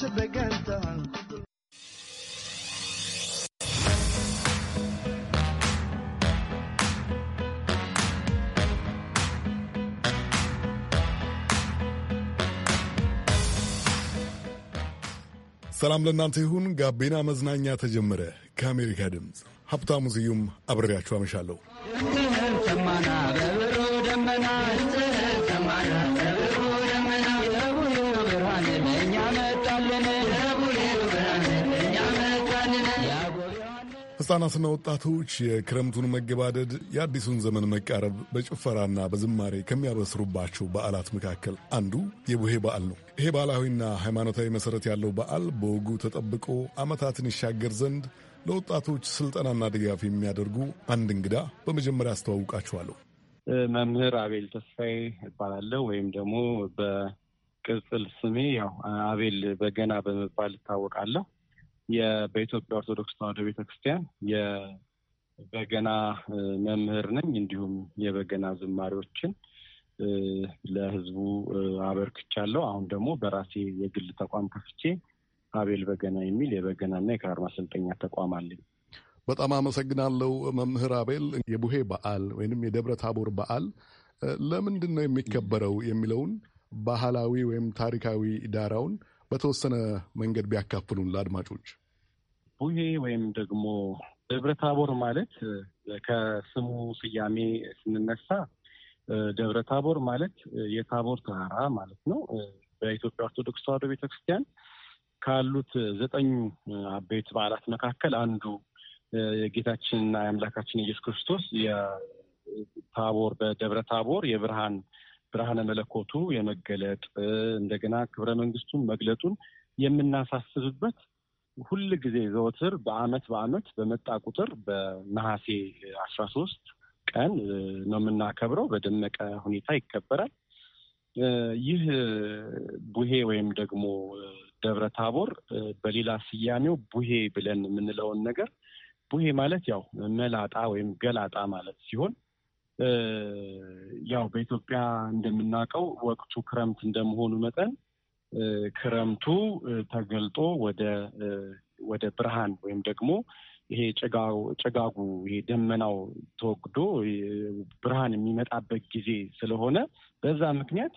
ሰላም ለእናንተ ይሁን። ጋቢና መዝናኛ ተጀመረ። ከአሜሪካ ድምፅ ሀብታሙ ስዩም አብሬያችሁ አመሻለሁ። ደመና በብሩ ደመና ሕፃናትና ወጣቶች የክረምቱን መገባደድ የአዲሱን ዘመን መቃረብ በጭፈራና በዝማሬ ከሚያበስሩባቸው በዓላት መካከል አንዱ የቡሄ በዓል ነው። ይሄ ባህላዊና ሃይማኖታዊ መሠረት ያለው በዓል በወጉ ተጠብቆ ዓመታትን ይሻገር ዘንድ ለወጣቶች ስልጠናና ድጋፍ የሚያደርጉ አንድ እንግዳ በመጀመሪያ አስተዋውቃችኋለሁ። መምህር አቤል ተስፋዬ እባላለሁ ወይም ደግሞ በቅጽል ስሜ ያው አቤል በገና በመባል እታወቃለሁ። በኢትዮጵያ ኦርቶዶክስ ተዋሕዶ ቤተክርስቲያን የበገና መምህር ነኝ። እንዲሁም የበገና ዝማሪዎችን ለሕዝቡ አበርክቻለሁ። አሁን ደግሞ በራሴ የግል ተቋም ከፍቼ አቤል በገና የሚል የበገናና የክራር ማሰልጠኛ ተቋም አለኝ። በጣም አመሰግናለሁ መምህር አቤል። የቡሄ በዓል ወይንም የደብረ ታቦር በዓል ለምንድን ነው የሚከበረው የሚለውን ባህላዊ ወይም ታሪካዊ ዳራውን በተወሰነ መንገድ ቢያካፍሉን ለአድማጮች። ቡሄ ወይም ደግሞ ደብረ ታቦር ማለት ከስሙ ስያሜ ስንነሳ ደብረ ታቦር ማለት የታቦር ተራራ ማለት ነው። በኢትዮጵያ ኦርቶዶክስ ተዋህዶ ቤተክርስቲያን ካሉት ዘጠኙ አበይት በዓላት መካከል አንዱ የጌታችንና የአምላካችን ኢየሱስ ክርስቶስ የታቦር በደብረ ታቦር የብርሃን ብርሃነ መለኮቱ የመገለጥ እንደገና ክብረ መንግስቱን መግለጡን የምናሳስብበት ሁል ጊዜ ዘወትር በአመት በአመት በመጣ ቁጥር በነሐሴ አስራ ሶስት ቀን ነው የምናከብረው። በደመቀ ሁኔታ ይከበራል። ይህ ቡሄ ወይም ደግሞ ደብረ ታቦር በሌላ ስያሜው ቡሄ ብለን የምንለውን ነገር ቡሄ ማለት ያው መላጣ ወይም ገላጣ ማለት ሲሆን ያው በኢትዮጵያ እንደምናውቀው ወቅቱ ክረምት እንደመሆኑ መጠን ክረምቱ ተገልጦ ወደ ወደ ብርሃን ወይም ደግሞ ይሄ ጭጋጉ ይሄ ደመናው ተወግዶ ብርሃን የሚመጣበት ጊዜ ስለሆነ በዛ ምክንያት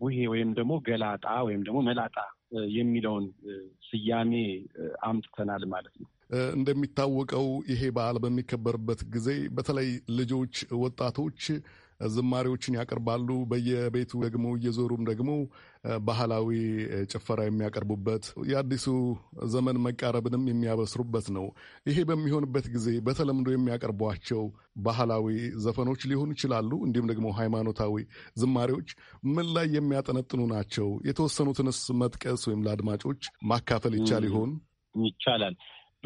ቡሄ ወይም ደግሞ ገላጣ ወይም ደግሞ መላጣ የሚለውን ስያሜ አምጥተናል ማለት ነው። እንደሚታወቀው ይሄ በዓል በሚከበርበት ጊዜ በተለይ ልጆች፣ ወጣቶች ዝማሬዎችን ያቀርባሉ። በየቤቱ ደግሞ እየዞሩም ደግሞ ባህላዊ ጭፈራ የሚያቀርቡበት የአዲሱ ዘመን መቃረብንም የሚያበስሩበት ነው። ይሄ በሚሆንበት ጊዜ በተለምዶ የሚያቀርቧቸው ባህላዊ ዘፈኖች ሊሆኑ ይችላሉ። እንዲሁም ደግሞ ሃይማኖታዊ ዝማሬዎች ምን ላይ የሚያጠነጥኑ ናቸው? የተወሰኑትንስ መጥቀስ ወይም ለአድማጮች ማካፈል ይቻል ይሆን? ይቻላል።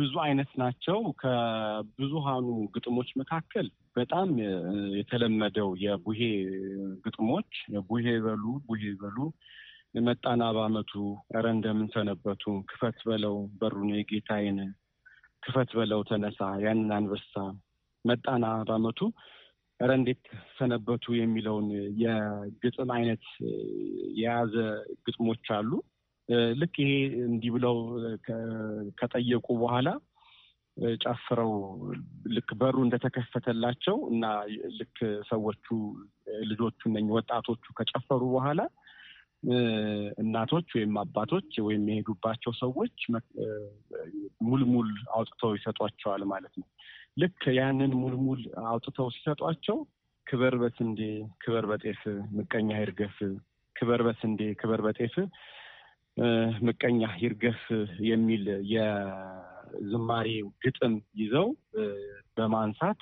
ብዙ አይነት ናቸው። ከብዙሃኑ ግጥሞች መካከል በጣም የተለመደው የቡሄ ግጥሞች ቡሄ በሉ ቡሄ በሉ መጣና በአመቱ ረ እንደምንሰነበቱ ክፈት በለው በሩን የጌታዬን ክፈት በለው ተነሳ ያንን አንበሳ መጣና በአመቱ ረ እንዴት ሰነበቱ የሚለውን የግጥም አይነት የያዘ ግጥሞች አሉ። ልክ ይሄ እንዲህ ብለው ከጠየቁ በኋላ ጨፍረው ልክ በሩ እንደተከፈተላቸው እና ልክ ሰዎቹ ልጆቹ እነ ወጣቶቹ ከጨፈሩ በኋላ እናቶች ወይም አባቶች ወይም የሄዱባቸው ሰዎች ሙልሙል አውጥተው ይሰጧቸዋል ማለት ነው። ልክ ያንን ሙልሙል አውጥተው ሲሰጧቸው ክበር በስንዴ ክበር በጤፍ ምቀኛ ይርገፍ፣ ክበር በስንዴ ክበር በጤፍ ምቀኛ ይርገፍ የሚል የዝማሬ ግጥም ይዘው በማንሳት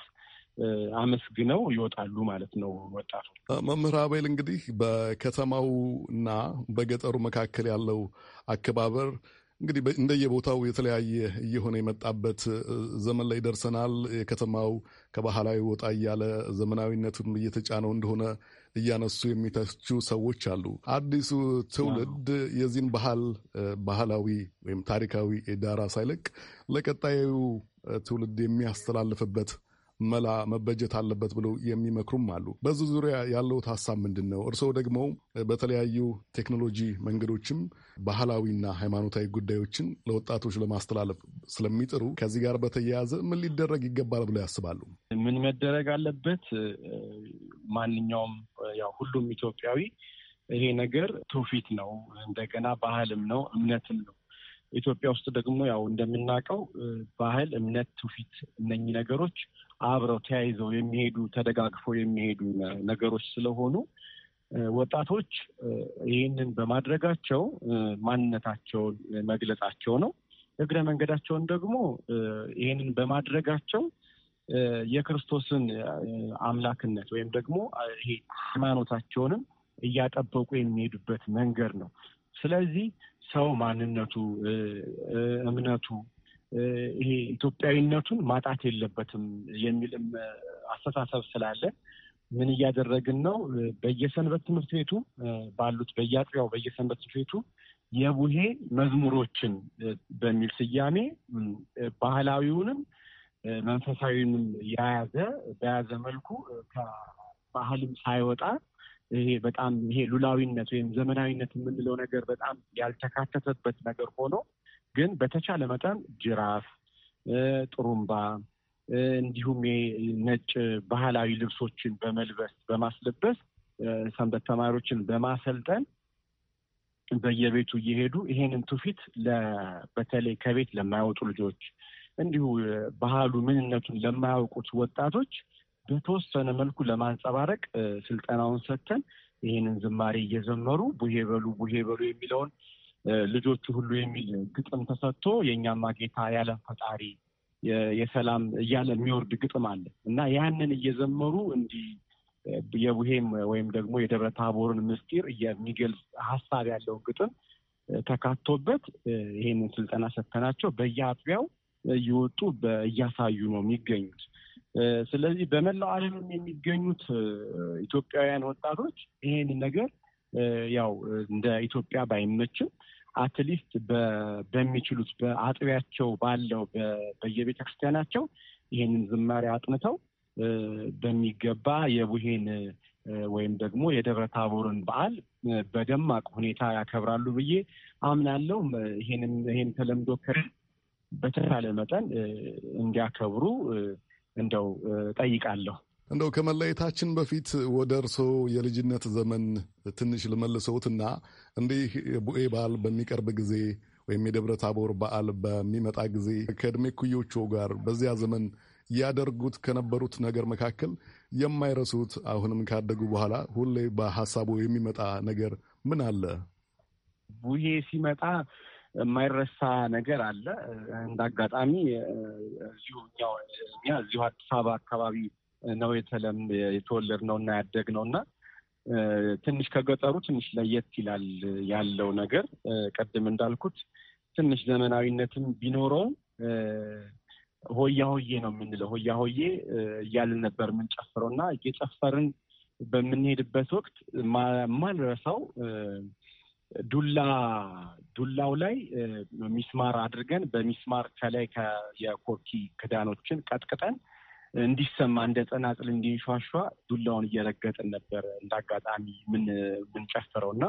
አመስግነው ይወጣሉ ማለት ነው ወጣቱ። መምህር አቤል እንግዲህ በከተማውና በገጠሩ መካከል ያለው አከባበር እንግዲህ እንደየቦታው የተለያየ እየሆነ የመጣበት ዘመን ላይ ደርሰናል። የከተማው ከባህላዊ ወጣ እያለ ዘመናዊነቱም እየተጫነው እንደሆነ እያነሱ የሚተቹ ሰዎች አሉ። አዲሱ ትውልድ የዚህን ባህል ባህላዊ ወይም ታሪካዊ ዳራ ሳይለቅ ለቀጣዩ ትውልድ የሚያስተላልፍበት መላ መበጀት አለበት ብለው የሚመክሩም አሉ። በዚህ ዙሪያ ያለውት ሀሳብ ምንድን ነው? እርስዎ ደግሞ በተለያዩ ቴክኖሎጂ መንገዶችም ባህላዊና ሃይማኖታዊ ጉዳዮችን ለወጣቶች ለማስተላለፍ ስለሚጥሩ ከዚህ ጋር በተያያዘ ምን ሊደረግ ይገባል ብለው ያስባሉ? ምን መደረግ አለበት? ማንኛውም ያው ሁሉም ኢትዮጵያዊ ይሄ ነገር ትውፊት ነው፣ እንደገና ባህልም ነው፣ እምነትም ነው። ኢትዮጵያ ውስጥ ደግሞ ያው እንደምናውቀው ባህል፣ እምነት፣ ትውፊት እነኚህ ነገሮች አብረው ተያይዘው የሚሄዱ ተደጋግፈው የሚሄዱ ነገሮች ስለሆኑ ወጣቶች ይህንን በማድረጋቸው ማንነታቸውን መግለጻቸው ነው። እግረ መንገዳቸውን ደግሞ ይህንን በማድረጋቸው የክርስቶስን አምላክነት ወይም ደግሞ ይሄ ሃይማኖታቸውንም እያጠበቁ የሚሄዱበት መንገድ ነው። ስለዚህ ሰው ማንነቱ፣ እምነቱ፣ ይሄ ኢትዮጵያዊነቱን ማጣት የለበትም የሚልም አስተሳሰብ ስላለ ምን እያደረግን ነው? በየሰንበት ትምህርት ቤቱ ባሉት በየአጥቢያው በየሰንበት ትምህርት ቤቱ የቡሄ መዝሙሮችን በሚል ስያሜ ባህላዊውንም መንፈሳዊውንም የያዘ በያዘ መልኩ ከባህልም ሳይወጣ ይሄ በጣም ይሄ ሉላዊነት ወይም ዘመናዊነት የምንለው ነገር በጣም ያልተካተተበት ነገር ሆኖ ግን በተቻለ መጠን ጅራፍ፣ ጥሩምባ እንዲሁም ነጭ ባህላዊ ልብሶችን በመልበስ በማስለበስ ሰንበት ተማሪዎችን በማሰልጠን በየቤቱ እየሄዱ ይሄንን ትውፊት በተለይ ከቤት ለማይወጡ ልጆች እንዲሁ ባህሉ ምንነቱን ለማያውቁት ወጣቶች በተወሰነ መልኩ ለማንጸባረቅ ስልጠናውን ሰጥተን ይህንን ዝማሬ እየዘመሩ ቡሄ በሉ ቡሄ በሉ የሚለውን ልጆቹ ሁሉ የሚል ግጥም ተሰጥቶ የእኛማ ጌታ ያለም ፈጣሪ የሰላም እያለ የሚወርድ ግጥም አለ እና ያንን እየዘመሩ እንዲህ የቡሄም ወይም ደግሞ የደብረ ታቦርን ምስጢር የሚገልጽ ሀሳብ ያለው ግጥም ተካቶበት ይህንን ስልጠና ሰጥተናቸው በየአጥቢያው እየወጡ እያሳዩ ነው የሚገኙት። ስለዚህ በመላው ዓለምም የሚገኙት ኢትዮጵያውያን ወጣቶች ይህን ነገር ያው እንደ ኢትዮጵያ ባይመችም አትሊስት በሚችሉት በአጥቢያቸው ባለው በየቤተ ክርስቲያናቸው ይህንን ዝማሬ አጥንተው በሚገባ የቡሄን ወይም ደግሞ የደብረ ታቦርን በዓል በደማቅ ሁኔታ ያከብራሉ ብዬ አምናለሁ። ይሄን ተለምዶ ከ በተቻለ መጠን እንዲያከብሩ እንደው ጠይቃለሁ። እንደው ከመለየታችን በፊት ወደ እርስዎ የልጅነት ዘመን ትንሽ ልመልሰውትና እንዲህ ቡኤ በዓል በሚቀርብ ጊዜ ወይም የደብረ ታቦር በዓል በሚመጣ ጊዜ ከእድሜ ኩዮቹ ጋር በዚያ ዘመን ያደርጉት ከነበሩት ነገር መካከል የማይረሱት አሁንም ካደጉ በኋላ ሁሌ በሀሳቡ የሚመጣ ነገር ምን አለ? ቡሄ ሲመጣ የማይረሳ ነገር አለ። እንደ አጋጣሚ እዚሁ እኛ እዚሁ አዲስ አበባ አካባቢ ነው የተወለድ ነው እና ነው እና ትንሽ ከገጠሩ ትንሽ ለየት ይላል ያለው ነገር። ቀድም እንዳልኩት ትንሽ ዘመናዊነትም ቢኖረውም ሆያ ሆዬ ነው የምንለው። ሆያ ሆዬ እያልን ነበር የምንጨፍረው እና እየጨፈርን በምንሄድበት ወቅት ማልረሳው ዱላ ዱላው ላይ ሚስማር አድርገን በሚስማር ከላይ የኮኪ ክዳኖችን ቀጥቅጠን እንዲሰማ እንደ ጸናጽል እንዲንሸዋሸዋ ዱላውን እየረገጥን ነበር። እንደ አጋጣሚ ምንጨፍረው እና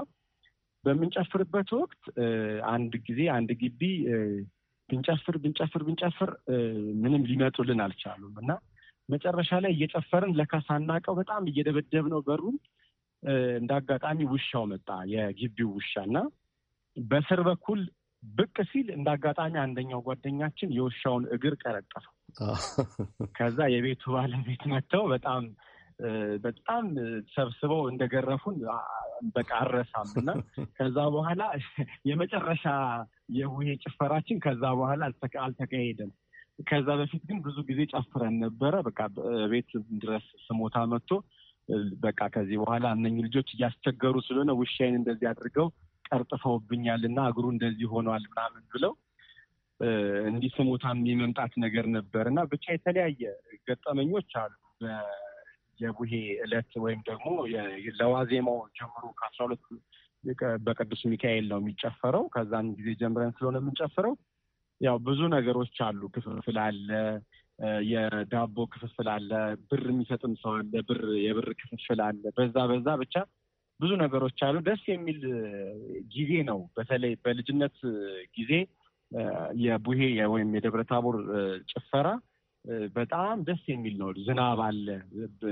በምንጨፍርበት ወቅት አንድ ጊዜ አንድ ግቢ ብንጨፍር ብንጨፍር ብንጨፍር ምንም ሊመጡልን አልቻሉም እና መጨረሻ ላይ እየጨፈርን ለካ ሳናቀው በጣም ነው በሩን እንደ አጋጣሚ ውሻው መጣ፣ የግቢው ውሻ እና በስር በኩል ብቅ ሲል እንደ አጋጣሚ አንደኛው ጓደኛችን የውሻውን እግር ቀረጠፈ ከዛ የቤቱ ባለቤት መጥተው በጣም በጣም ሰብስበው እንደገረፉን በቃ አረሳም እና ከዛ በኋላ የመጨረሻ የቡሄ ጭፈራችን ከዛ በኋላ አልተካሄደም። ከዛ በፊት ግን ብዙ ጊዜ ጨፍረን ነበረ። በቃ ቤት ድረስ ስሞታ መጥቶ በቃ ከዚህ በኋላ እነኝህ ልጆች እያስቸገሩ ስለሆነ ውሻይን እንደዚህ አድርገው ቀርጥፈውብኛል እና እግሩ እንደዚህ ሆኗል ምናምን ብለው እንዲህ ስሞታም የመምጣት ነገር ነበር እና ብቻ የተለያየ ገጠመኞች አሉ። የቡሄ እለት ወይም ደግሞ ለዋዜማው ጀምሮ ከአስራ ሁለት በቅዱስ ሚካኤል ነው የሚጨፈረው። ከዛን ጊዜ ጀምረን ስለሆነ የምንጨፍረው ያው ብዙ ነገሮች አሉ። ክፍፍል አለ፣ የዳቦ ክፍፍል አለ፣ ብር የሚሰጥም ሰው አለ፣ ብር የብር ክፍፍል አለ። በዛ በዛ ብቻ ብዙ ነገሮች አሉ። ደስ የሚል ጊዜ ነው። በተለይ በልጅነት ጊዜ የቡሄ ወይም የደብረ ታቦር ጭፈራ በጣም ደስ የሚል ነው። ዝናብ አለ።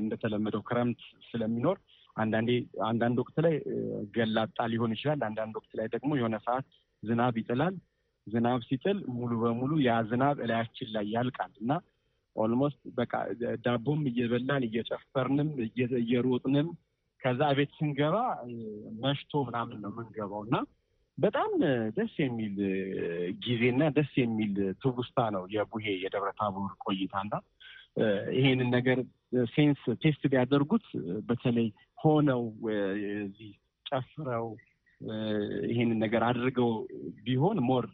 እንደተለመደው ክረምት ስለሚኖር አንዳንዴ አንዳንድ ወቅት ላይ ገላጣ ሊሆን ይችላል። አንዳንድ ወቅት ላይ ደግሞ የሆነ ሰዓት ዝናብ ይጥላል። ዝናብ ሲጥል ሙሉ በሙሉ ያ ዝናብ እላያችን ላይ ያልቃል እና ኦልሞስት በቃ ዳቦም እየበላን እየጨፈርንም እየሮጥንም ከዛ ቤት ስንገባ መሽቶ ምናምን ነው የምንገባው እና በጣም ደስ የሚል ጊዜና ደስ የሚል ትውስታ ነው የቡሄ የደብረ ታቦር ቆይታና ይሄንን ነገር ሴንስ ቴስት ቢያደርጉት በተለይ ሆነው እዚህ ጨፍረው ይሄንን ነገር አድርገው ቢሆን ሞር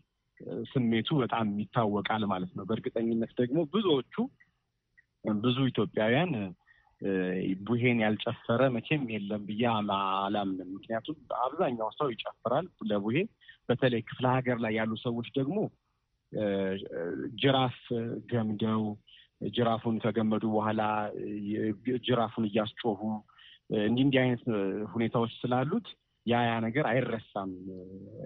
ስሜቱ በጣም ይታወቃል ማለት ነው። በእርግጠኝነት ደግሞ ብዙዎቹ ብዙ ኢትዮጵያውያን ቡሄን ያልጨፈረ መቼም የለም ብዬ አላምንም። ምክንያቱም አብዛኛው ሰው ይጨፍራል ለቡሄ። በተለይ ክፍለ ሀገር ላይ ያሉ ሰዎች ደግሞ ጅራፍ ገምደው ጅራፉን ከገመዱ በኋላ ጅራፉን እያስጮሁ እንዲህ እንዲህ አይነት ሁኔታዎች ስላሉት ያ ያ ነገር አይረሳም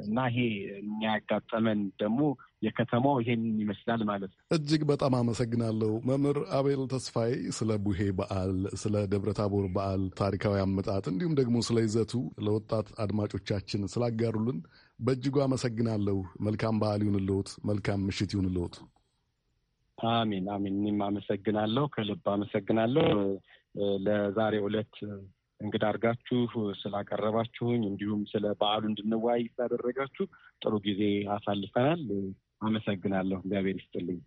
እና ይሄ የሚያጋጠመን ደግሞ የከተማው ይሄን ይመስላል ማለት ነው። እጅግ በጣም አመሰግናለሁ መምህር አቤል ተስፋዬ ስለ ቡሄ በዓል፣ ስለ ደብረታቦር በዓል ታሪካዊ አመጣጥ እንዲሁም ደግሞ ስለ ይዘቱ ለወጣት አድማጮቻችን ስላጋሩልን በእጅጉ አመሰግናለሁ። መልካም በዓል ይሁንልዎት። መልካም ምሽት ይሁንልዎት። አሚን አሚን። እኔም አመሰግናለሁ፣ ከልብ አመሰግናለሁ። ለዛሬ ዕለት እንግዳ አድርጋችሁ ስላቀረባችሁኝ እንዲሁም ስለ በዓሉ እንድንወያይ ስላደረጋችሁ ጥሩ ጊዜ አሳልፈናል። አመሰግናለሁ። እግዚአብሔር ይስጥልኝ።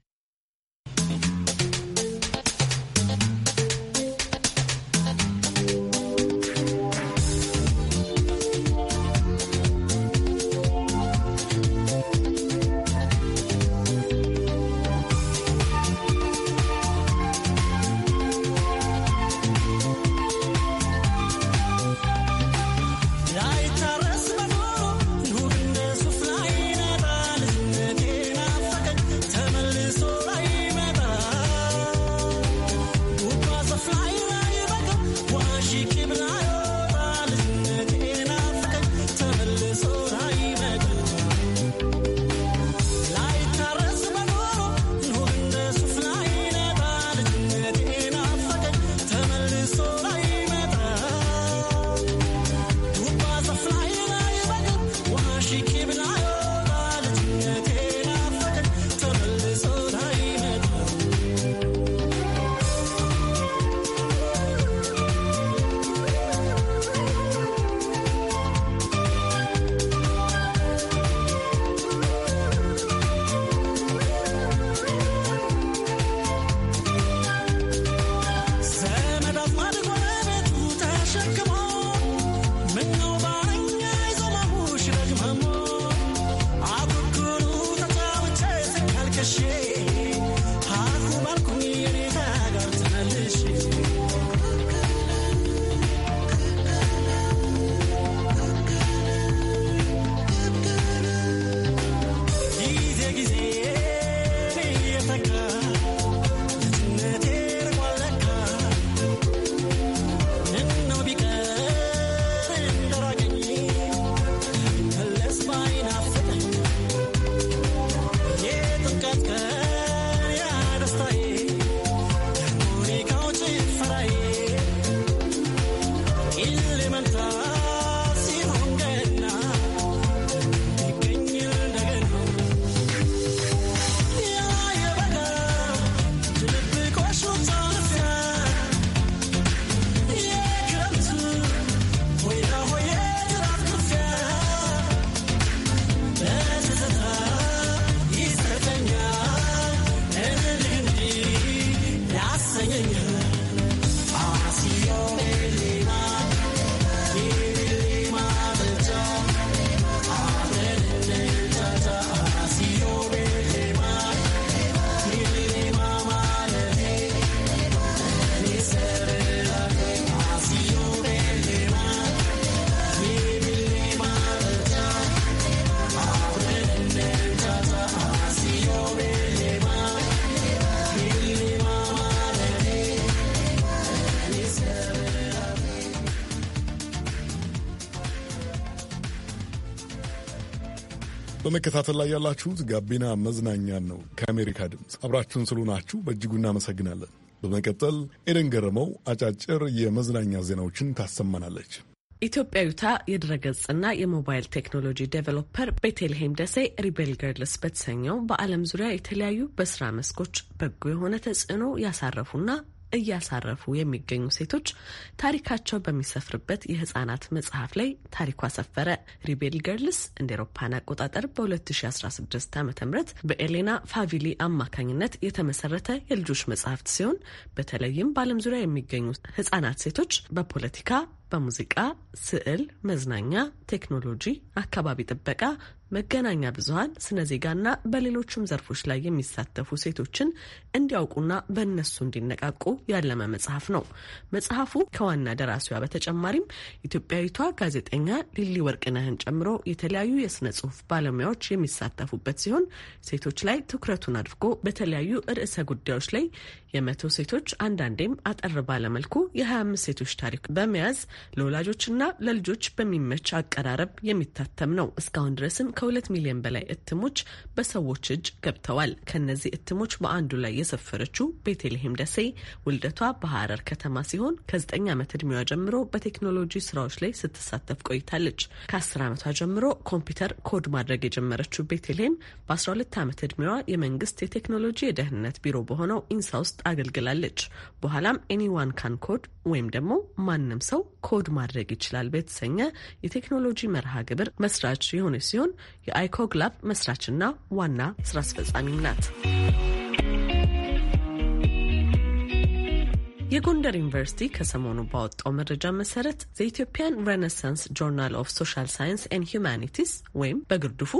በመከታተል ላይ ያላችሁት ጋቢና መዝናኛን ነው ከአሜሪካ ድምፅ። አብራችሁን ስለሆናችሁ በእጅጉ እናመሰግናለን። በመቀጠል ኤደን ገረመው አጫጭር የመዝናኛ ዜናዎችን ታሰማናለች። ኢትዮጵያዊቷ የድረገጽና የሞባይል ቴክኖሎጂ ዴቨሎፐር ቤቴልሄም ደሴ ሪቤል ገርልስ በተሰኘው በዓለም ዙሪያ የተለያዩ በስራ መስኮች በጎ የሆነ ተጽዕኖ ያሳረፉና እያሳረፉ የሚገኙ ሴቶች ታሪካቸው በሚሰፍርበት የህጻናት መጽሐፍ ላይ ታሪኳ ሰፈረ። ሪቤል ገርልስ እንደ ኤሮፓን አቆጣጠር በ2016 ዓ ም በኤሌና ፋቪሊ አማካኝነት የተመሰረተ የልጆች መጽሐፍት ሲሆን በተለይም በዓለም ዙሪያ የሚገኙ ህጻናት ሴቶች በፖለቲካ በሙዚቃ፣ ስዕል፣ መዝናኛ፣ ቴክኖሎጂ፣ አካባቢ ጥበቃ፣ መገናኛ ብዙሀን፣ ስነ ዜጋና በሌሎችም ዘርፎች ላይ የሚሳተፉ ሴቶችን እንዲያውቁና በእነሱ እንዲነቃቁ ያለመ መጽሐፍ ነው። መጽሐፉ ከዋና ደራሲዋ በተጨማሪም ኢትዮጵያዊቷ ጋዜጠኛ ሊሊ ወርቅነህን ጨምሮ የተለያዩ የስነ ጽሁፍ ባለሙያዎች የሚሳተፉበት ሲሆን ሴቶች ላይ ትኩረቱን አድርጎ በተለያዩ ርዕሰ ጉዳዮች ላይ የመቶ ሴቶች አንዳንዴም አጠር ባለመልኩ የ25 ሴቶች ታሪክ በመያዝ ለወላጆችና ለልጆች በሚመች አቀራረብ የሚታተም ነው። እስካሁን ድረስም ከሁለት ሚሊዮን በላይ እትሞች በሰዎች እጅ ገብተዋል። ከነዚህ እትሞች በአንዱ ላይ የሰፈረችው ቤተልሔም ደሴ ውልደቷ በሐረር ከተማ ሲሆን ከ9 ዓመት እድሜዋ ጀምሮ በቴክኖሎጂ ስራዎች ላይ ስትሳተፍ ቆይታለች። ከ10 ዓመቷ ጀምሮ ኮምፒውተር ኮድ ማድረግ የጀመረችው ቤተልሔም በ12 ዓመት እድሜዋ የመንግስት የቴክኖሎጂ የደህንነት ቢሮ በሆነው ኢንሳ ውስጥ አገልግላለች። በኋላም ኤኒዋን ካን ኮድ ወይም ደግሞ ማንም ሰው ኮድ ማድረግ ይችላል በተሰኘ የቴክኖሎጂ መርሃ ግብር መስራች የሆነች ሲሆን የአይኮግ መስራችና ዋና ስራ አስፈጻሚም ናት። የጎንደር ዩኒቨርሲቲ ከሰሞኑ ባወጣው መረጃ መሰረት ዘ ኢትዮጵያን ሬኔሳንስ ጆርናል ኦፍ ሶሻል ሳይንስ ን ሂውማኒቲስ ወይም በግርድፉ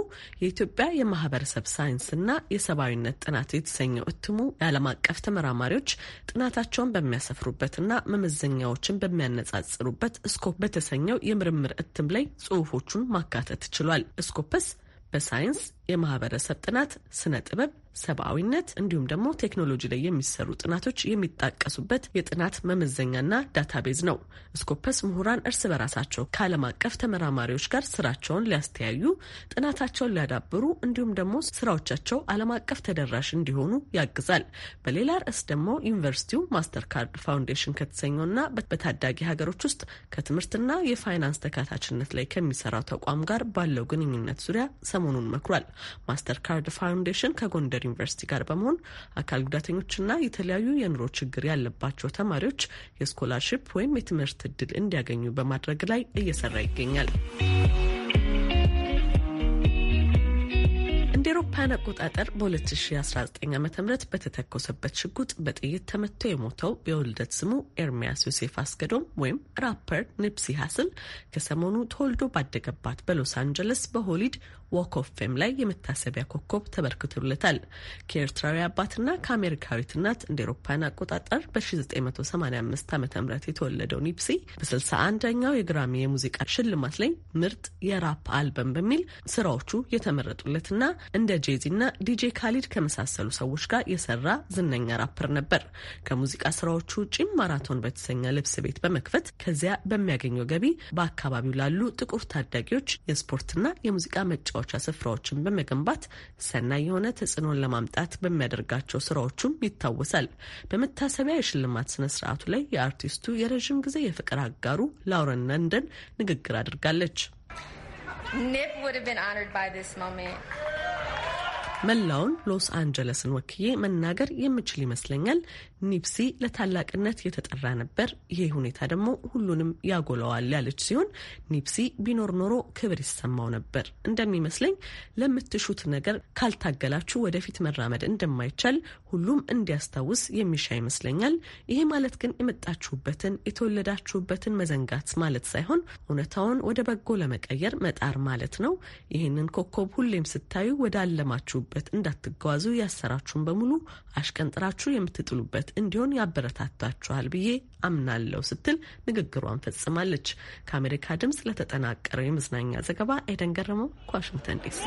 የኢትዮጵያ የማህበረሰብ ሳይንስና የሰብአዊነት ጥናት የተሰኘው እትሙ የዓለም አቀፍ ተመራማሪዎች ጥናታቸውን በሚያሰፍሩበትና መመዘኛዎችን በሚያነጻጽሩበት ስኮፕ በተሰኘው የምርምር እትም ላይ ጽሁፎቹን ማካተት ችሏል። ስኮፐስ በሳይንስ የማህበረሰብ ጥናት፣ ስነ ጥበብ፣ ሰብአዊነት እንዲሁም ደግሞ ቴክኖሎጂ ላይ የሚሰሩ ጥናቶች የሚጣቀሱበት የጥናት መመዘኛና ዳታቤዝ ነው። ስኮፐስ ምሁራን እርስ በራሳቸው ከዓለም አቀፍ ተመራማሪዎች ጋር ስራቸውን ሊያስተያዩ፣ ጥናታቸውን ሊያዳብሩ እንዲሁም ደግሞ ስራዎቻቸው ዓለም አቀፍ ተደራሽ እንዲሆኑ ያግዛል። በሌላ ርዕስ ደግሞ ዩኒቨርሲቲው ማስተር ካርድ ፋውንዴሽን ከተሰኘውና በታዳጊ ሀገሮች ውስጥ ከትምህርትና የፋይናንስ ተካታችነት ላይ ከሚሰራው ተቋም ጋር ባለው ግንኙነት ዙሪያ ሰሞኑን መክሯል። ማስተር ካርድ ፋውንዴሽን ከጎንደር ዩኒቨርሲቲ ጋር በመሆን አካል ጉዳተኞችና የተለያዩ የኑሮ ችግር ያለባቸው ተማሪዎች የስኮላርሽፕ ወይም የትምህርት እድል እንዲያገኙ በማድረግ ላይ እየሰራ ይገኛል። እንደ አቆጣጠር በ2019 ዓ ም በተተኮሰበት ሽጉጥ በጥይት ተመቶ የሞተው የውልደት ስሙ ኤርሚያስ ዮሴፍ አስገዶም ወይም ራፐር ኒፕሲ ሀስል ከሰሞኑ ተወልዶ ባደገባት በሎስ አንጀለስ በሆሊድ ዎክ ኦፍ ፌም ላይ የመታሰቢያ ኮከብ ተበርክቶለታል። ከኤርትራዊ አባትና ከአሜሪካዊት እናት እንደ ኤሮፓያን አቆጣጠር በ1985 ዓ ም የተወለደው ኒፕሲ በ61ኛው የግራሚ የሙዚቃ ሽልማት ላይ ምርጥ የራፕ አልበም በሚል ስራዎቹ የተመረጡለትና እንደ ጄዚና ዲጄ ካሊድ ከመሳሰሉ ሰዎች ጋር የሰራ ዝነኛ ራፐር ነበር። ከሙዚቃ ስራዎቹ ውጪም ማራቶን በተሰኘ ልብስ ቤት በመክፈት ከዚያ በሚያገኘው ገቢ በአካባቢው ላሉ ጥቁር ታዳጊዎች የስፖርትና የሙዚቃ መጫወ የማስታወቻ ስፍራዎችን በመገንባት ሰናይ የሆነ ተጽዕኖን ለማምጣት በሚያደርጋቸው ስራዎቹም ይታወሳል። በመታሰቢያ የሽልማት ስነ ስርዓቱ ላይ የአርቲስቱ የረዥም ጊዜ የፍቅር አጋሩ ላውረን ለንደን ንግግር አድርጋለች። መላውን ሎስ አንጀለስን ወክዬ መናገር የምችል ይመስለኛል። ኒፕሲ ለታላቅነት የተጠራ ነበር፣ ይሄ ሁኔታ ደግሞ ሁሉንም ያጎለዋል ያለች ሲሆን ኒፕሲ ቢኖር ኖሮ ክብር ይሰማው ነበር። እንደሚመስለኝ ለምትሹት ነገር ካልታገላችሁ ወደፊት መራመድ እንደማይቻል ሁሉም እንዲያስታውስ የሚሻ ይመስለኛል። ይሄ ማለት ግን የመጣችሁበትን የተወለዳችሁበትን መዘንጋት ማለት ሳይሆን እውነታውን ወደ በጎ ለመቀየር መጣር ማለት ነው። ይህንን ኮከብ ሁሌም ስታዩ ወደ አለማችሁበት ወዳላችሁበት እንዳትጓዙ ያሰራችሁን በሙሉ አሽቀንጥራችሁ የምትጥሉበት እንዲሆን ያበረታታችኋል ብዬ አምናለሁ ስትል ንግግሯን ፈጽማለች። ከአሜሪካ ድምፅ ለተጠናቀረው የመዝናኛ ዘገባ ኤደን ገረመው ከዋሽንግተን ዲሲ።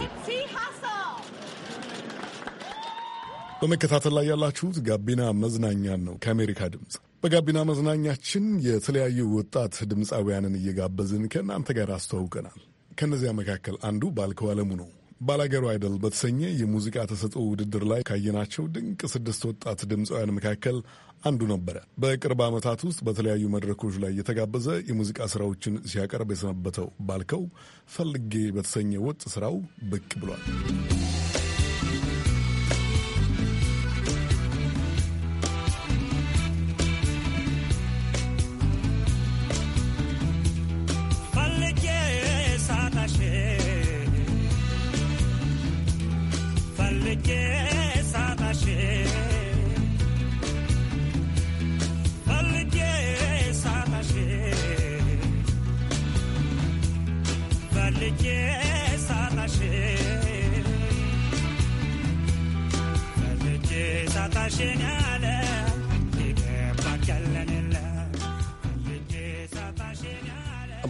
በመከታተል ላይ ያላችሁት ጋቢና መዝናኛን ነው ከአሜሪካ ድምፅ። በጋቢና መዝናኛችን የተለያዩ ወጣት ድምፃውያንን እየጋበዝን ከእናንተ ጋር አስተዋውቀናል። ከእነዚያ መካከል አንዱ ባልከው አለሙ ነው። ባላገሩ አይደል በተሰኘ የሙዚቃ ተሰጥኦ ውድድር ላይ ካየናቸው ድንቅ ስድስት ወጣት ድምፃውያን መካከል አንዱ ነበረ። በቅርብ ዓመታት ውስጥ በተለያዩ መድረኮች ላይ የተጋበዘ የሙዚቃ ስራዎችን ሲያቀርብ የሰነበተው ባልከው ፈልጌ በተሰኘ ወጥ ስራው ብቅ ብሏል።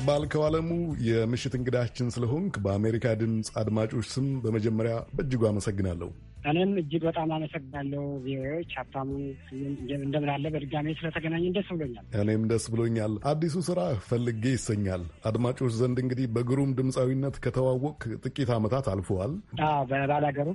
ባልከው የምሽት እንግዳችን ስለሆንክ በአሜሪካ ድምፅ አድማጮች ስም በመጀመሪያ በእጅጉ አመሰግናለሁ። እኔም እጅግ በጣም አመሰግናለሁ። ቪዎች ሀብታሙ እንደምን አለ። በድጋሚ ስለተገናኘን ደስ ብሎኛል። እኔም ደስ ብሎኛል። አዲሱ ስራ ፈልጌ ይሰኛል። አድማጮች ዘንድ እንግዲህ በግሩም ድምፃዊነት ከተዋወቅ ጥቂት ዓመታት አልፈዋል። በባላገሩ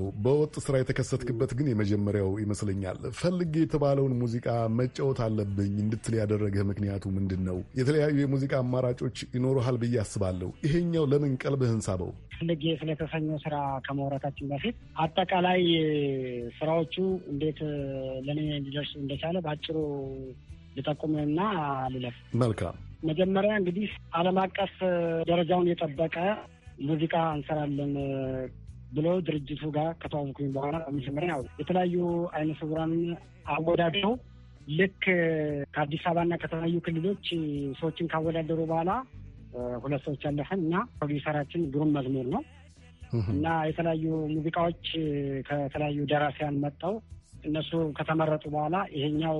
ው በወጥ ስራ የተከሰትክበት ግን የመጀመሪያው ይመስለኛል። ፈልጌ የተባለውን ሙዚቃ መጫወት አለብኝ እንድትል ያደረገህ ምክንያቱ ምንድን ነው? የተለያዩ የሙዚቃ አማራጮች ይኖረሃል ብዬ አስባለሁ። ይሄኛው ለምን ቀልብህን ሳበው? ፈልጌ ስለተሰኘው ስራ ከማውራታችን በፊት አጠቃላይ ስራዎቹ እንዴት ለእኔ ሊደርሱ እንደቻለ በአጭሩ ልጠቁምና ልለፍ። መልካም። መጀመሪያ እንግዲህ ዓለም አቀፍ ደረጃውን የጠበቀ ሙዚቃ እንሰራለን ብሎ ድርጅቱ ጋር ከተዋወኩኝ በኋላ በመጀመሪያ ያው የተለያዩ አይነ ስውራን አወዳድረው ልክ ከአዲስ አበባና ከተለያዩ ክልሎች ሰዎችን ካወዳደሩ በኋላ ሁለት ሰዎች ያለፈን እና ፕሮዲውሰራችን ግሩም መዝሙር ነው እና የተለያዩ ሙዚቃዎች ከተለያዩ ደራሲያን መጠው እነሱ ከተመረጡ በኋላ ይሄኛው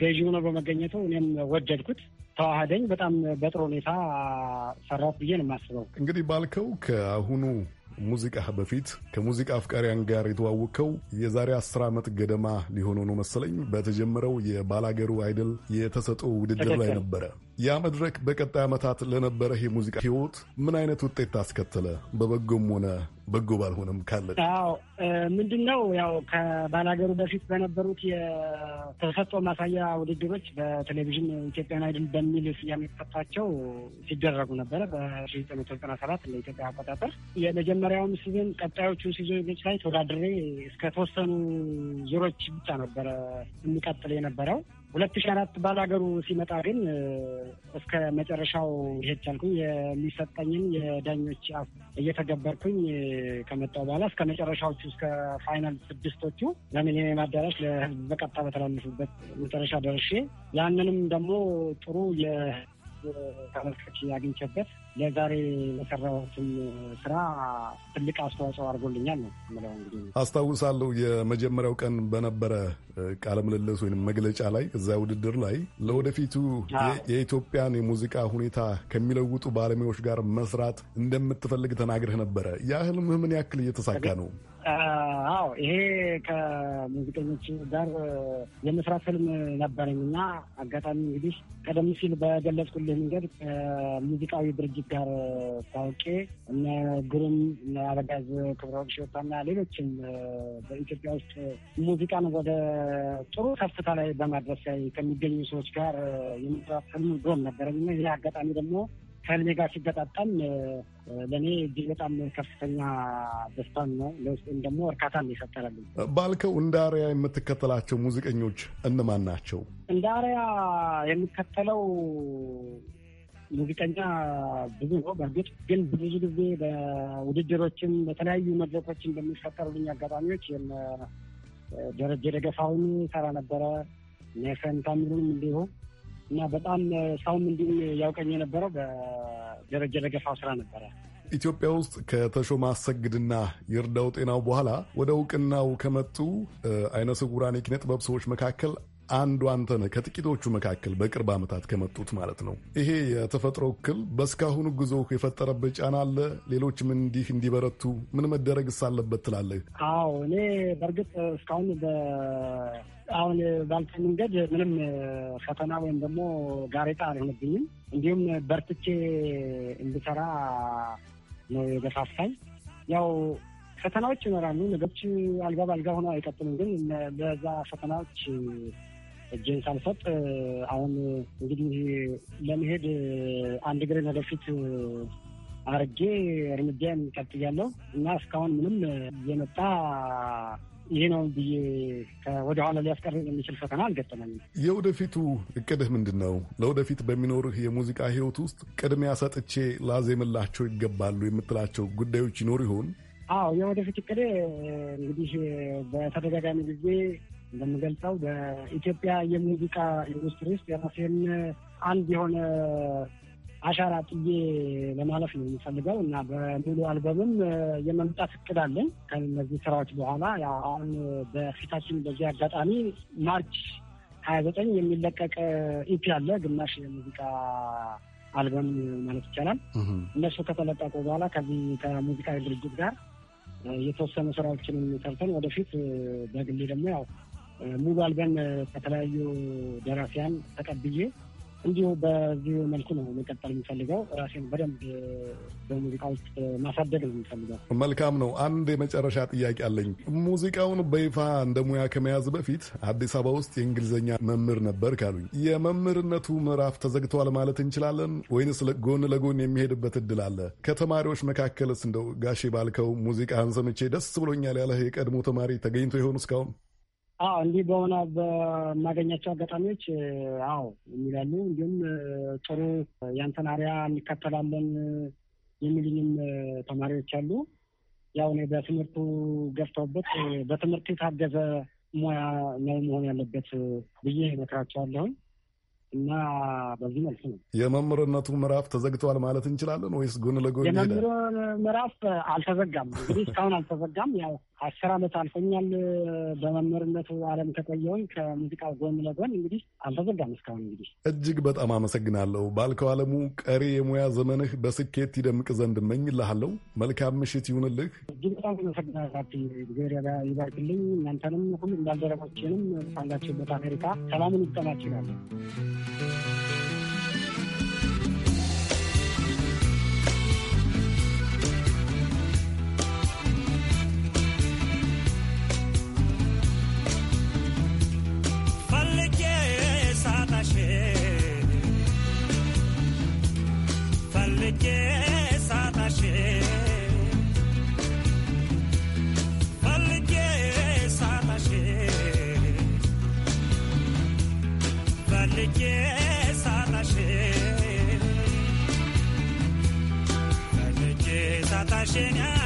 ገዢ ነው በመገኘቱ እኔም ወደድኩት። ተዋህደኝ። በጣም በጥሩ ሁኔታ ሰራሁት ብዬ ነው የማስበው። እንግዲህ ባልከው ከአሁኑ ሙዚቃ በፊት ከሙዚቃ አፍቃሪያን ጋር የተዋወቀው የዛሬ አስር ዓመት ገደማ ሊሆነው ነው መሰለኝ በተጀመረው የባላገሩ አይደል የተሰጡ ውድድር ላይ ነበረ። ያ መድረክ በቀጣይ ዓመታት ለነበረህ የሙዚቃ ህይወት ምን አይነት ውጤት አስከተለ? በበጎም ሆነ በጎ ባልሆነም ካለ ው ምንድን ነው ያው ከባላገሩ በፊት በነበሩት የተሰጥኦ ማሳያ ውድድሮች በቴሌቪዥን ኢትዮጵያን አይድል በሚል ስያሜ የተሰጣቸው ሲደረጉ ነበረ። በ1997 ለኢትዮጵያ አቆጣጠር የመጀመሪያውን ሲዝን ቀጣዮቹ ሲዞች ላይ ተወዳድሬ እስከ ተወሰኑ ዙሮች ብቻ ነበረ የሚቀጥል የነበረው ሁለት ሺ አራት ባላገሩ ሲመጣ ግን እስከ መጨረሻው ሄድ ቻልኩኝ። የሚሰጠኝን የዳኞች አፍ እየተገበርኩኝ ከመጣው በኋላ እስከ መጨረሻዎቹ እስከ ፋይናል ስድስቶቹ ለሚሊኒየም አዳራሽ ለህዝብ በቀጥታ በተላለፉበት መጨረሻ ደርሼ ያንንም ደግሞ ጥሩ ተመልካች ያገኝቸበት ለዛሬ ለሰራሁትም ስራ ትልቅ አስተዋጽኦ አድርጎልኛል ነው የምለው። እንግዲህ አስታውሳለሁ የመጀመሪያው ቀን በነበረ ቃለ ምልልስ ወይም መግለጫ ላይ እዛ ውድድር ላይ ለወደፊቱ የኢትዮጵያን የሙዚቃ ሁኔታ ከሚለውጡ ባለሙያዎች ጋር መስራት እንደምትፈልግ ተናግረህ ነበረ። ያ ህልምህ ምን ያክል እየተሳካ ነው? አዎ ይሄ ከሙዚቀኞች ጋር የመስራት ህልም ነበረኝ እና አጋጣሚ እንግዲህ ቀደም ሲል በገለጽኩልህ መንገድ ከሙዚቃዊ ድርጅት ጋር ታውቄ እነ ግሩም እነ አበጋዝ ክብረወርቅ ሽበታና ሌሎችም በኢትዮጵያ ውስጥ ሙዚቃን ወደ ጥሩ ከፍታ ላይ በማድረስ ላይ ከሚገኙ ሰዎች ጋር የመስራት ህልም ድሮም ነበረኝ እና ይህ አጋጣሚ ደግሞ ከህልሜ ጋር ሲገጣጠም ለእኔ እጅግ በጣም ከፍተኛ ደስታን ነው፣ ለውስጥም ደግሞ እርካታ የፈጠረልኝ። ባልከው እንደ አርያ የምትከተላቸው ሙዚቀኞች እነማን ናቸው? እንደ አርያ የምከተለው ሙዚቀኛ ብዙ ነው። በእርግጥ ግን ብዙ ጊዜ በውድድሮችም በተለያዩ መድረኮችን በሚፈጠሩልኝ አጋጣሚዎች ደረጀ ደገፋውን ሰራ ነበረ ኔፈን ታምሩንም እንዲሁ እና በጣም ሰውም እንዲሁም ያውቀኝ የነበረው በደረጀ ደገፋው ስራ ነበረ። ኢትዮጵያ ውስጥ ከተሾመ አሰግድና ይርዳው ጤናው በኋላ ወደ እውቅናው ከመጡ አይነ ስውራን የኪነ ጥበብ ሰዎች መካከል አንዱ አንተነህ ከጥቂቶቹ መካከል በቅርብ ዓመታት ከመጡት ማለት ነው። ይሄ የተፈጥሮ እክል በእስካሁኑ ጉዞ የፈጠረበት ጫና አለ? ሌሎችም እንዲህ እንዲበረቱ ምን መደረግስ አለበት ትላለህ? አዎ እኔ በእርግጥ እስካሁን አሁን ባልተ መንገድ ምንም ፈተና ወይም ደግሞ ጋሬጣ አልሆነብኝም። እንዲሁም በርትቼ እንድሰራ ነው የገፋፋኝ። ያው ፈተናዎች ይኖራሉ። ነገሮች አልጋ ባልጋ ሆነው አይቀጥሉም። ግን በዛ ፈተናዎች እጄን ሳልሰጥ አሁን እንግዲህ ለመሄድ አንድ እግርን ወደፊት አርጌ እርምጃን ቀጥያለሁ እና እስካሁን ምንም የመጣ ይህ ነው ብዬ ወደኋላ ሊያስቀር የሚችል ፈተና አልገጠመኝም። የወደፊቱ እቅድህ ምንድን ነው? ለወደፊት በሚኖርህ የሙዚቃ ህይወት ውስጥ ቅድሚያ ሰጥቼ ላዜምላቸው ይገባሉ የምትላቸው ጉዳዮች ይኖር ይሆን? አዎ የወደፊት እቅዴ እንግዲህ በተደጋጋሚ ጊዜ እንደምገልጸው በኢትዮጵያ የሙዚቃ ኢንዱስትሪ ውስጥ የራሴን አንድ የሆነ አሻራ ጥዬ ለማለፍ ነው የሚፈልገው እና በሙሉ አልበምም የመምጣት እቅድ አለኝ ከነዚህ ስራዎች በኋላ አሁን በፊታችን በዚህ አጋጣሚ ማርች ሀያ ዘጠኝ የሚለቀቅ ኢፒ አለ ግማሽ የሙዚቃ አልበም ማለት ይቻላል። እነሱ ከተለቀቁ በኋላ ከዚህ ከሙዚቃዊ ድርጅት ጋር የተወሰኑ ስራዎችን ሰርተን ወደፊት በግሌ ደግሞ ያው ሙሉ አልበን ከተለያዩ ደራሲያን ተቀብዬ እንዲሁ በዚሁ መልኩ ነው መቀጠል የምፈልገው። ራሴን በደንብ በሙዚቃ ውስጥ ማሳደግ ነው የምፈልገው። መልካም ነው። አንድ የመጨረሻ ጥያቄ አለኝ። ሙዚቃውን በይፋ እንደ ሙያ ከመያዝ በፊት አዲስ አበባ ውስጥ የእንግሊዝኛ መምህር ነበር ካሉኝ፣ የመምህርነቱ ምዕራፍ ተዘግተዋል ማለት እንችላለን ወይንስ ጎን ለጎን የሚሄድበት እድል አለ? ከተማሪዎች መካከልስ እንደው ጋሼ ባልከው ሙዚቃህን ሰምቼ ደስ ብሎኛል ያለህ የቀድሞ ተማሪ ተገኝቶ የሆኑ እስካሁን? አዎ እንዲህ በሆነ በማገኛቸው አጋጣሚዎች አዎ የሚላሉ እንዲሁም ጥሩ ያንተን አርያ እንከተላለን የሚሉኝም ተማሪዎች አሉ። ያው እኔ በትምህርቱ ገብተውበት በትምህርት የታገዘ ሙያ ነው መሆን ያለበት ብዬ እመክራቸዋለሁኝ እና በዚህ መልክ ነው የመምህርነቱ ምዕራፍ ተዘግተዋል ማለት እንችላለን ወይስ ጎን ለጎን የመምህር ምዕራፍ አልተዘጋም። እንግዲህ እስካሁን አልተዘጋም። ያው አስር አመት አልፎኛል በመምህርነቱ አለም ከቆየውን ከሙዚቃ ጎን ለጎን እንግዲህ አልተዘጋም እስካሁን። እንግዲህ እጅግ በጣም አመሰግናለሁ ባልከው አለሙ ቀሪ የሙያ ዘመንህ በስኬት ይደምቅ ዘንድ እመኝልሃለሁ። መልካም ምሽት ይሁንልህ። እጅግ በጣም አመሰግናለሁ። እግዚአብሔር ይባርክልኝ። እናንተንም ሁሉም ባልደረቦችንም ባላችሁበት አሜሪካ ሰላምን ይጠማችላለን። 那些年。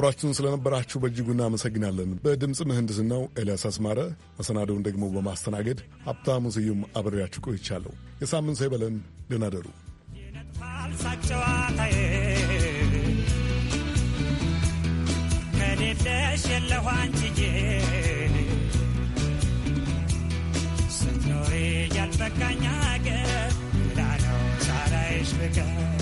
አብራችሁን ስለነበራችሁ በእጅጉ እናመሰግናለን። በድምፅ ምህንድስናው ኤልያስ አስማረ፣ መሰናደውን ደግሞ በማስተናገድ ሀብታሙ ስዩም አብሬያችሁ ቆይቻለሁ። የሳምንት ሰው ይበለን። ደህና ደሩ። ከሌለሽ የለሁ አንቺዬ ስትኖሪ ያልበቃኝ ሳላይሽ ብቀር